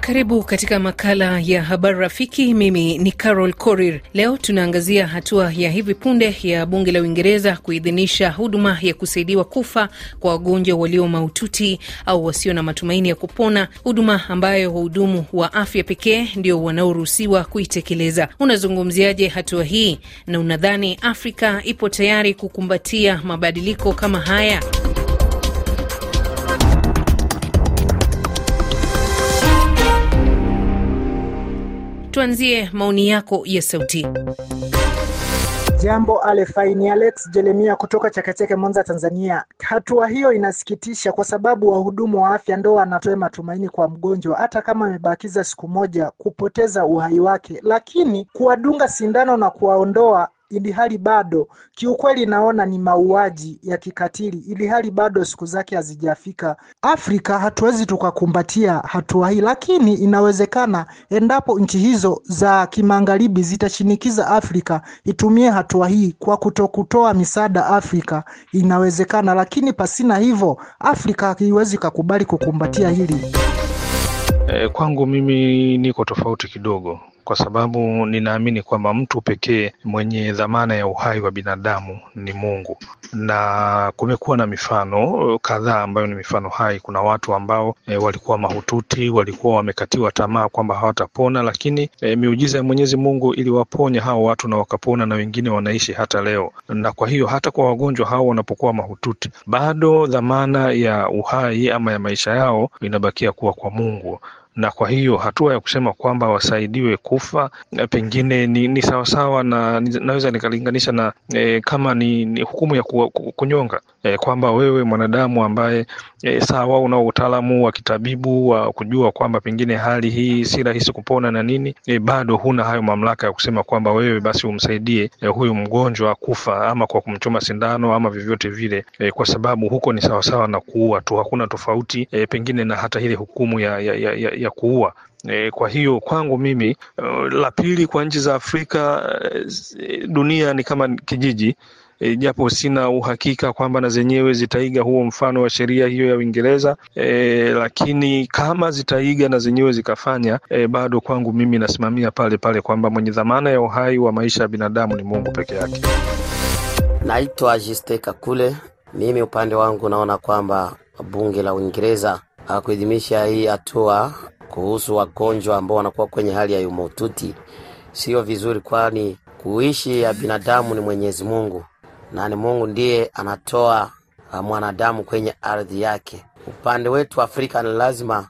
Karibu katika makala ya habari rafiki. Mimi ni Carol Korir. Leo tunaangazia hatua ya hivi punde ya bunge la Uingereza kuidhinisha huduma ya kusaidiwa kufa kwa wagonjwa walio mahututi au wasio na matumaini ya kupona, huduma ambayo wahudumu wa afya pekee ndio wanaoruhusiwa kuitekeleza. Unazungumziaje hatua hii na unadhani Afrika ipo tayari kukumbatia mabadiliko kama haya? Tuanzie maoni yako ya sauti. Jambo alefai ni Alex Jeremia kutoka Chakecheke, Mwanza, Tanzania. Hatua hiyo inasikitisha kwa sababu wahudumu wa afya ndo wanatoa matumaini kwa mgonjwa, hata kama amebakiza siku moja kupoteza uhai wake, lakini kuwadunga sindano na kuwaondoa ili hali bado kiukweli naona ni mauaji ya kikatili, ili hali bado siku zake hazijafika. Afrika hatuwezi tukakumbatia hatua hii, lakini inawezekana endapo nchi hizo za kimagharibi zitashinikiza Afrika itumie hatua hii kwa kutokutoa misaada Afrika, inawezekana. Lakini pasina hivyo, Afrika haiwezi kakubali kukumbatia hili. Eh, kwangu mimi niko tofauti kidogo kwa sababu ninaamini kwamba mtu pekee mwenye dhamana ya uhai wa binadamu ni Mungu, na kumekuwa na mifano kadhaa ambayo ni mifano hai. Kuna watu ambao e, walikuwa mahututi, walikuwa wamekatiwa tamaa kwamba hawatapona, lakini e, miujiza ya Mwenyezi Mungu iliwaponya hao watu na wakapona, na wengine wanaishi hata leo. Na kwa hiyo hata kwa wagonjwa hao wanapokuwa mahututi, bado dhamana ya uhai ama ya maisha yao inabakia kuwa kwa Mungu na kwa hiyo hatua ya kusema kwamba wasaidiwe kufa eh, pengine ni, ni sawasawa na naweza nikalinganisha na e, kama ni, ni hukumu ya kunyonga e, kwamba wewe mwanadamu ambaye e, saa wao unao utaalamu wa kitabibu wa kujua kwamba pengine hali hii si rahisi kupona na nini e, bado huna hayo mamlaka ya kusema kwamba wewe basi umsaidie e, huyu mgonjwa kufa ama kwa kumchoma sindano ama vyovyote vile e, kwa sababu huko ni sawasawa na kuua tu, hakuna tofauti e, pengine na hata ile hukumu ya, ya, ya, ya ya kuua. E, kwa hiyo kwangu mimi uh, la pili kwa nchi za Afrika uh, dunia ni kama kijiji E, japo sina uhakika kwamba na zenyewe zitaiga huo mfano wa sheria hiyo ya Uingereza e, lakini kama zitaiga na zenyewe zikafanya e, bado kwangu mimi nasimamia pale pale kwamba mwenye dhamana ya uhai wa maisha ya binadamu ni Mungu peke yake. Naitwa Jiste Kakule. Mimi upande wangu naona kwamba bunge la Uingereza Ah, kuidhimisha hii hatua kuhusu wagonjwa ambao wanakuwa kwenye hali ya umaututi Sio vizuri, kwani kuishi ya binadamu ni Mwenyezi Mungu na ni Mungu ndiye anatoa ah, mwanadamu kwenye ardhi yake. Upande wetu Afrika ni lazima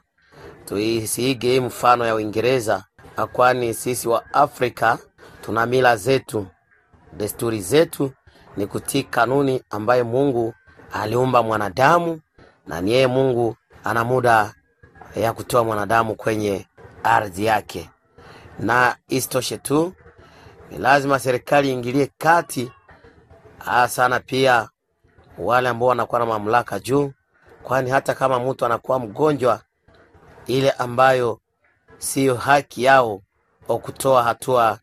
tuisiige mfano ya Uingereza, ah, kwani sisi wa Afrika tuna mila zetu, desturi zetu ni kutii kanuni ambaye Mungu aliumba mwanadamu na ni yeye Mungu ana muda ya kutoa mwanadamu kwenye ardhi yake, na isitoshe tu ni lazima serikali iingilie kati, sana pia wale ambao wanakuwa na mamlaka juu, kwani hata kama mtu anakuwa mgonjwa, ile ambayo siyo haki yao wa kutoa hatua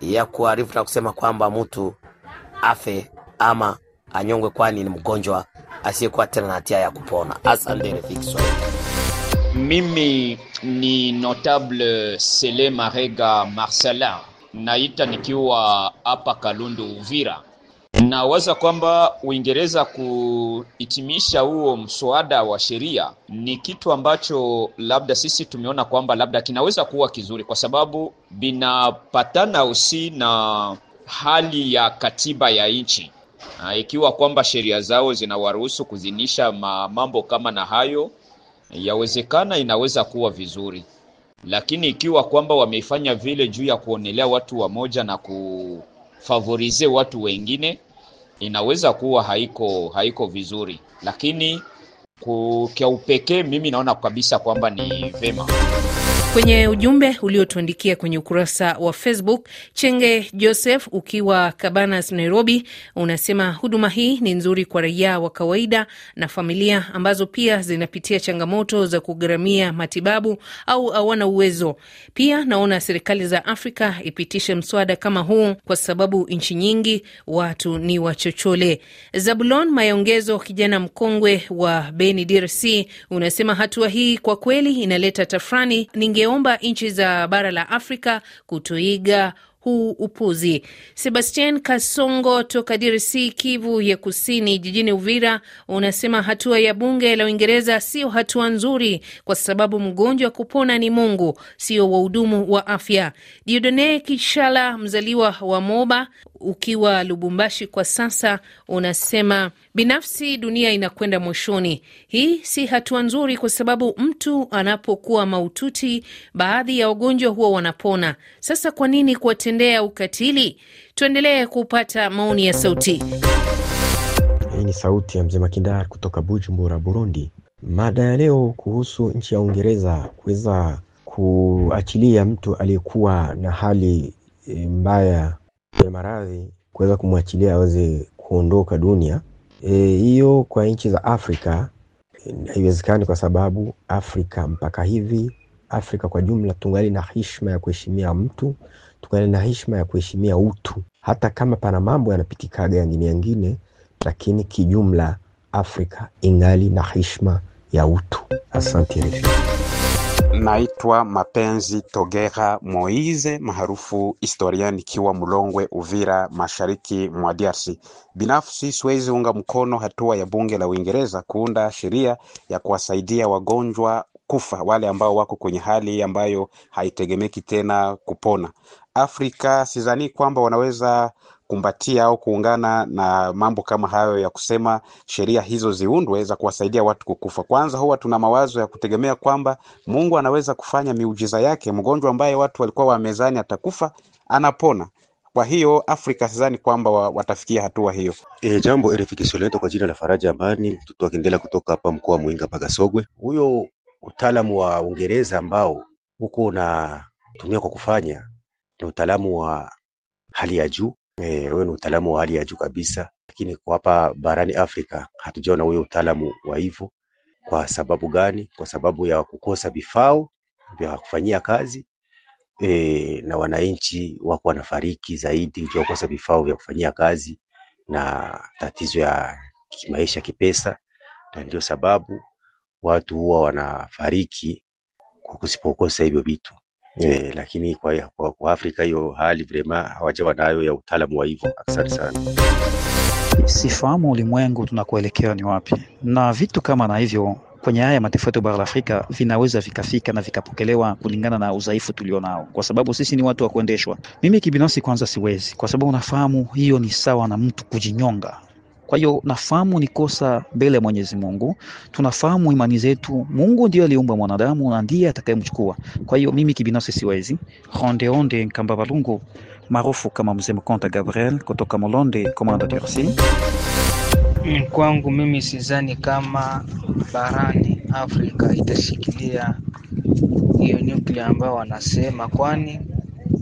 ya kuarifu na kusema kwamba mtu afe ama anyongwe, kwani ni mgonjwa asiyekuwa tena na hatia ya kupona. Asante rafiki Kiswahili. Mimi ni notable Sele Marega Marcelin, naita nikiwa hapa Kalundu, Uvira. Nawaza kwamba Uingereza kuhitimisha huo mswada wa sheria ni kitu ambacho labda sisi tumeona kwamba labda kinaweza kuwa kizuri, kwa sababu binapatana usi na hali ya katiba ya nchi uh, ikiwa kwamba sheria zao zinawaruhusu kuzinisha mambo kama na hayo, yawezekana inaweza kuwa vizuri, lakini ikiwa kwamba wameifanya vile juu ya kuonelea watu wamoja na kufavorize watu wengine, inaweza kuwa haiko haiko vizuri, lakini kwa upekee mimi naona kabisa kwamba ni vema. Kwenye ujumbe uliotuandikia kwenye ukurasa wa Facebook, Chenge Joseph ukiwa Cabanas, Nairobi, unasema huduma hii ni nzuri kwa raia wa kawaida na familia ambazo pia zinapitia changamoto za kugharamia matibabu au hawana uwezo. Pia naona serikali za Afrika ipitishe mswada kama huu, kwa sababu nchi nyingi watu ni wachochole. Zabulon Mayongezo, kijana mkongwe wa Beni, DRC, unasema hatua hii kwa kweli inaleta tafrani. Ninge ingeomba nchi za bara la Afrika kutoiga huu upuzi. sebastian Kasongo toka DRC, Kivu ya Kusini, jijini Uvira, unasema hatua ya bunge la Uingereza sio hatua nzuri, kwa sababu mgonjwa kupona ni Mungu, sio wahudumu wa afya. Diodone Kishala, mzaliwa wa Moba, ukiwa Lubumbashi kwa sasa, unasema binafsi, dunia inakwenda mwishoni. Hii si hatua nzuri, kwa sababu mtu anapokuwa maututi baadhi ya wagonjwa huwa wanapona. Sasa kwa nini kuwatendea ukatili? Tuendelee kupata maoni ya sauti. Hii ni sauti ya mzee Makindar kutoka Bujumbura, Burundi. Mada ya leo kuhusu nchi ya Uingereza kuweza kuachilia mtu aliyekuwa na hali eh, mbaya ya maradhi kuweza kumwachilia aweze kuondoka dunia e, hiyo. E, kwa nchi za Afrika haiwezekani, e, kwa sababu Afrika mpaka hivi Afrika kwa jumla tungali na heshima ya kuheshimia mtu, tungali na heshima ya kuheshimia utu, hata kama pana mambo yanapitikaga yangine yangine, lakini kijumla Afrika ingali na heshima ya utu. Asante. Naitwa Mapenzi Togera Moize maarufu historia, nikiwa Mlongwe, Uvira, mashariki mwa DRC. Binafsi siwezi unga mkono hatua ya bunge la Uingereza kuunda sheria ya kuwasaidia wagonjwa kufa, wale ambao wako kwenye hali ambayo haitegemeki tena kupona. Afrika sidhani kwamba wanaweza kukumbatia au kuungana na mambo kama hayo ya kusema sheria hizo ziundwe za kuwasaidia watu kukufa. Kwanza huwa tuna mawazo ya kutegemea kwamba Mungu anaweza kufanya miujiza yake, mgonjwa ambaye watu walikuwa wamezani atakufa anapona. Kwa hiyo Afrika sidhani kwamba watafikia hatua hiyo. E, jambo elefikisholeto kwa jina la Faraja Amani, mtoto akiendelea kutoka hapa mkoa wa Mwinga Sogwe. Huyo utaalamu wa Uingereza ambao huko unatumia kwa kufanya ni utaalamu wa hali ya juu Eh, wewe ni utaalamu wa hali ya juu kabisa, lakini kwa hapa barani Afrika hatujaona huyo utaalamu wa hivyo. Kwa sababu gani? Kwa sababu ya kukosa vifao vya kufanyia kazi e, na wananchi wako wanafariki zaidi kwa kukosa vifao vya kufanyia kazi na tatizo ya maisha kipesa, na ndio sababu watu huwa wanafariki kwa kusipokosa hivyo vitu. Eh, lakini kwa, kwa, kwa Afrika hiyo hali vrema hawajawa nayo ya utaalamu wa hivyo. Asante sana. Sifahamu ulimwengu tunakoelekea ni wapi, na vitu kama na hivyo kwenye haya mataifa yetu bara la Afrika vinaweza vikafika na vikapokelewa kulingana na udhaifu nao kwa sababu sisi ni watu wa kuendeshwa. Mimi kibinafsi kwanza siwezi, kwa sababu unafahamu, hiyo ni sawa na mtu kujinyonga kwa hiyo nafahamu ni kosa mbele ya Mwenyezi Mungu, tunafahamu imani zetu. Mungu ndiye aliumba mwanadamu na ndiye atakayemchukua. Kwa hiyo mimi kibinafsi siwezi. Ronde Onde Nkamba Balungu maarufu kama Mzee Mkonta Gabriel kutoka Molonde, commanda DRC. Mm, kwangu mimi sizani kama barani Afrika itashikilia hiyo nyuklia ambayo wanasema, kwani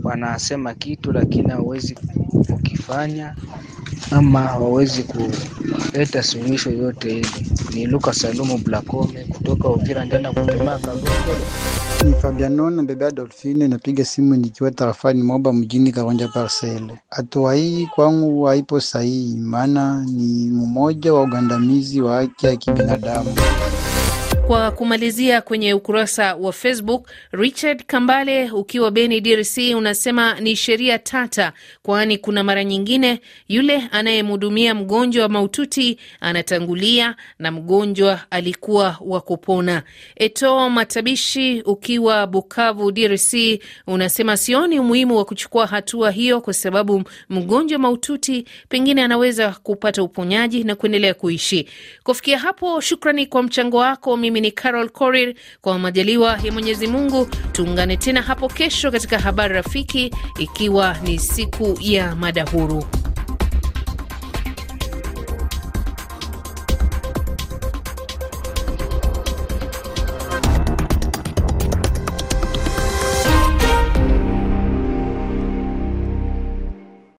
wanasema kitu lakini hauwezi kukifanya ama hawawezi kuleta suluhisho yote ile. Ni Luka Salumu Blakome kutoka Uvira ndena kupima Kagongo. Ni Fabianona bebe Adolfine, napiga simu nikiwa tarafani Moba mjini Karonja Parcele. Hatua hii kwangu haipo sahihi, maana ni mmoja wa ugandamizi wa haki ya kibinadamu. Kwa kumalizia, kwenye ukurasa wa Facebook, Richard Kambale ukiwa Beni, DRC, unasema ni sheria tata, kwani kuna mara nyingine yule anayemhudumia mgonjwa maututi anatangulia na mgonjwa alikuwa wa kupona. Eto Matabishi ukiwa Bukavu, DRC, unasema sioni umuhimu wa kuchukua hatua hiyo kwa sababu mgonjwa maututi pengine anaweza kupata uponyaji na kuendelea kuishi. Kufikia hapo, shukrani kwa mchango wako. Mimi mimi ni Carol Korir. Kwa majaliwa ya Mwenyezi Mungu, tuungane tena hapo kesho katika habari rafiki, ikiwa ni siku ya mada huru.